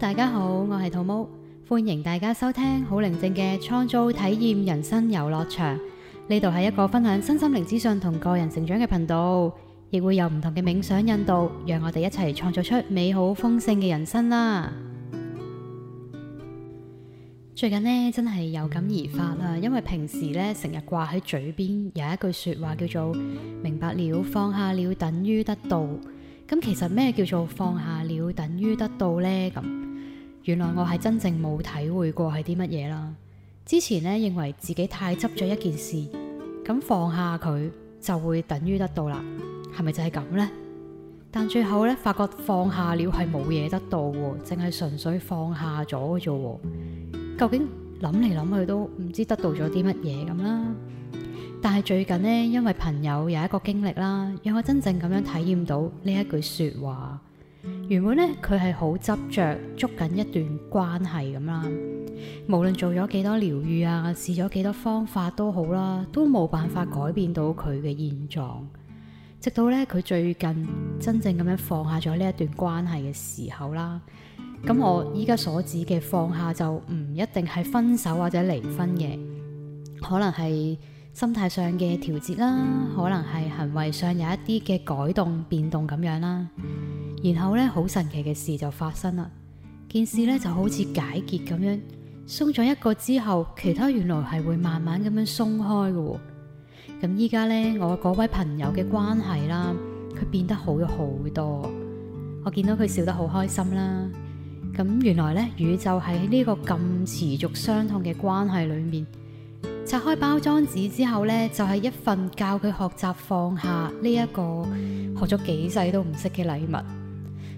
大家好，我係土貓，歡迎大家收聽好寧靜嘅創造體驗人生遊樂場。呢度係一個分享新心靈資訊同個人成長嘅頻道，亦會有唔同嘅冥想引導，讓我哋一齊創造出美好豐盛嘅人生啦。最近呢，真係有感而發啦，因為平時咧成日掛喺嘴邊有一句說話叫做明白了放下了等於得到，咁其實咩叫做放下了等於得到呢？咁原來我係真正冇體會過係啲乜嘢啦！之前咧認為自己太執著一件事，咁放下佢就會等於得到啦，係咪就係咁咧？但最後咧，發覺放下了係冇嘢得到喎，淨係純粹放下咗啫喎。究竟諗嚟諗去都唔知得到咗啲乜嘢咁啦。但係最近咧，因為朋友有一個經歷啦，讓我真正咁樣體驗到呢一句說話。原本咧，佢係好執着捉緊一段關係咁啦。無論做咗幾多療愈啊，試咗幾多方法都好啦，都冇辦法改變到佢嘅現狀。直到咧，佢最近真正咁樣放下咗呢一段關係嘅時候啦。咁我依家所指嘅放下就唔一定係分手或者離婚嘅，可能係心態上嘅調節啦，可能係行為上有一啲嘅改動變動咁樣啦。然後咧，好神奇嘅事就發生啦！件事咧就好似解結咁樣，鬆咗一個之後，其他原來係會慢慢咁樣鬆開噶。咁依家咧，我嗰位朋友嘅關係啦，佢變得好咗好多。我見到佢笑得好開心啦。咁、嗯、原來咧，宇宙喺呢個咁持續傷痛嘅關係裏面，拆開包裝紙之後咧，就係、是、一份教佢學習放下呢、這、一個學咗幾世都唔識嘅禮物。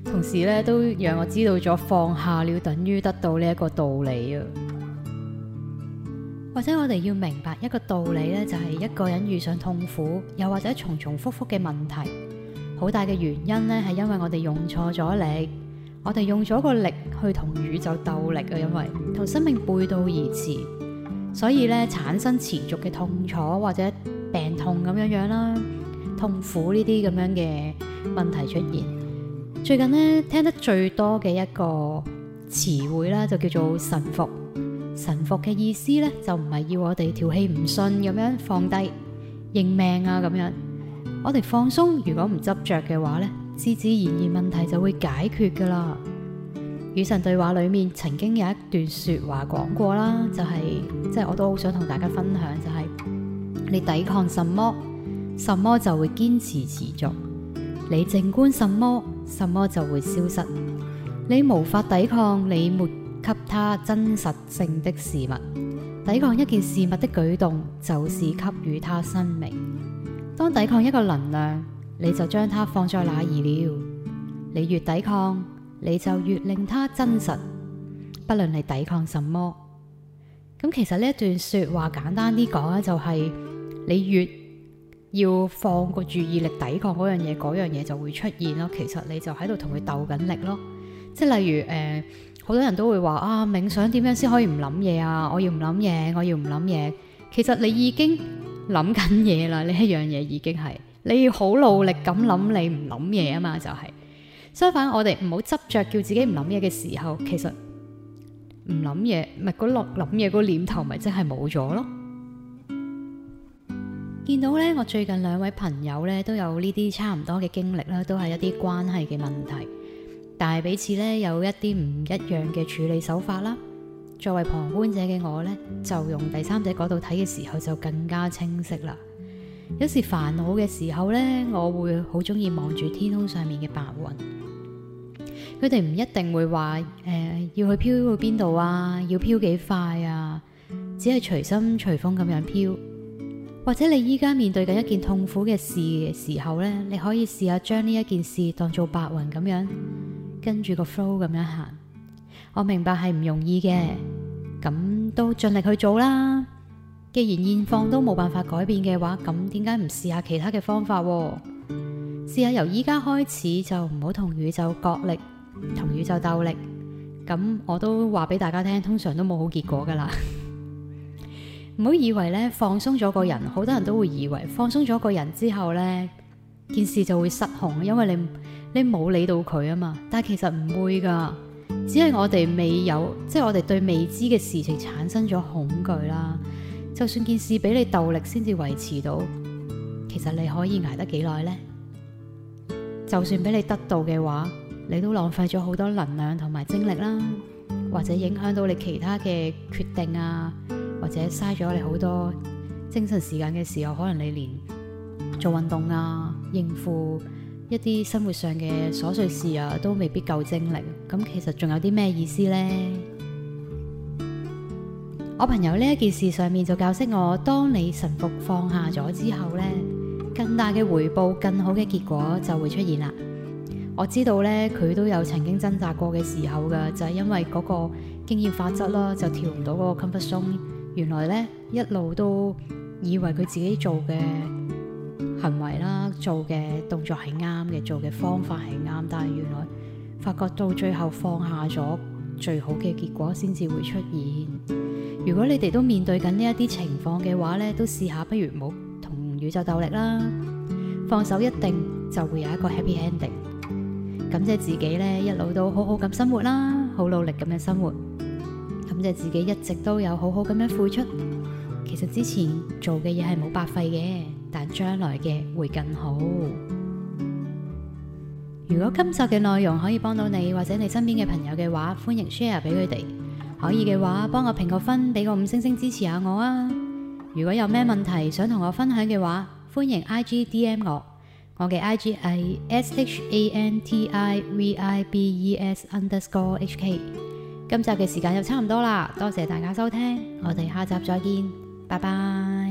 同時咧，都讓我知道咗放下了等於得到呢一個道理啊。或者我哋要明白一個道理咧，就係、是、一個人遇上痛苦，又或者重重複複嘅問題，好大嘅原因咧係因為我哋用錯咗力，我哋用咗個力去同宇宙鬥力啊，因為同生命背道而馳，所以咧產生持續嘅痛楚或者病痛咁樣樣啦，痛苦呢啲咁樣嘅問題出現。最近咧聽得最多嘅一個詞彙啦，就叫做臣服。臣服嘅意思咧，就唔係要我哋條氣唔順咁樣放低認命啊咁樣。我哋放鬆，如果唔執着嘅話咧，自自然然問題就會解決噶啦。與神對話裏面曾經有一段說話講過啦，就係即係我都好想同大家分享，就係、是、你抵抗什麼，什麼就會堅持持續；你靜觀什麼。什麼就會消失。你無法抵抗你沒給它真實性的事物。抵抗一件事物的舉動，就是給予它生命。當抵抗一個能量，你就將它放在那兒了。你越抵抗，你就越令它真實。不論你抵抗什麼，咁其實呢一段說話簡單啲講咧，就係你越要放個注意力抵抗嗰樣嘢，嗰樣嘢就會出現咯。其實你就喺度同佢鬥緊力咯。即係例如誒，好多人都會話啊，冥想點樣先可以唔諗嘢啊？我要唔諗嘢，我要唔諗嘢。其實你已經諗緊嘢啦，呢一樣嘢已經係你要好努力咁諗你唔諗嘢啊嘛，就係相反，我哋唔好執着叫自己唔諗嘢嘅時候，其實唔諗嘢，咪嗰個諗嘢個念頭咪真係冇咗咯。見到咧，我最近兩位朋友咧都有呢啲差唔多嘅經歷啦，都係一啲關係嘅問題，但係彼此咧有一啲唔一樣嘅處理手法啦。作為旁觀者嘅我咧，就用第三者角度睇嘅時候就更加清晰啦。有時煩惱嘅時候咧，我會好中意望住天空上面嘅白雲，佢哋唔一定會話誒、呃、要去飄去邊度啊，要飄幾快啊，只係隨心隨風咁樣飄。或者你依家面對緊一件痛苦嘅事嘅時候咧，你可以試下將呢一件事當做白雲咁樣，跟住個 flow 咁樣行。我明白係唔容易嘅，咁都盡力去做啦。既然現況都冇辦法改變嘅話，咁點解唔試下其他嘅方法喎？試下由依家開始就唔好同宇宙角力，同宇宙鬥力。咁我都話俾大家聽，通常都冇好結果噶啦。唔好以為呢，放鬆咗個人，好多人都會以為放鬆咗個人之後呢，件事就會失控，因為你你冇理到佢啊嘛。但係其實唔會㗎，只係我哋未有，即係我哋對未知嘅事情產生咗恐懼啦。就算件事俾你鬥力先至維持到，其實你可以捱得幾耐呢？就算俾你得到嘅話，你都浪費咗好多能量同埋精力啦，或者影響到你其他嘅決定啊。或者嘥咗你好多精神時間嘅時候，可能你連做運動啊，應付一啲生活上嘅瑣碎事啊，都未必夠精力。咁其實仲有啲咩意思呢？我朋友呢一件事上面就教識我，當你臣服放下咗之後呢，更大嘅回報、更好嘅結果就會出現啦。我知道呢，佢都有曾經掙扎過嘅時候噶，就係、是、因為嗰個經驗法則啦，就調唔到嗰個 comfort zone。原來咧，一路都以為佢自己做嘅行為啦，做嘅動作係啱嘅，做嘅方法係啱，但係原來發覺到最後放下咗，最好嘅結果先至會出現。如果你哋都面對緊呢一啲情況嘅話咧，都試下不如冇同宇宙鬥力啦，放手一定就會有一個 happy ending。感謝自己咧，一路都好好咁生活啦，好努力咁樣生活。感謝自己一直都有好好咁樣付出。其實之前做嘅嘢係冇白費嘅，但將來嘅會更好。如果今集嘅內容可以幫到你或者你身邊嘅朋友嘅話，歡迎 share 俾佢哋。可以嘅話，幫我評個分，俾個五星星支持下我啊！如果有咩問題想同我分享嘅話，歡迎 I G D M 我。我嘅 I G 係 S H A N T I V I B E S underscore H K。今集嘅時間又差唔多啦，多謝大家收聽，我哋下集再見，拜拜。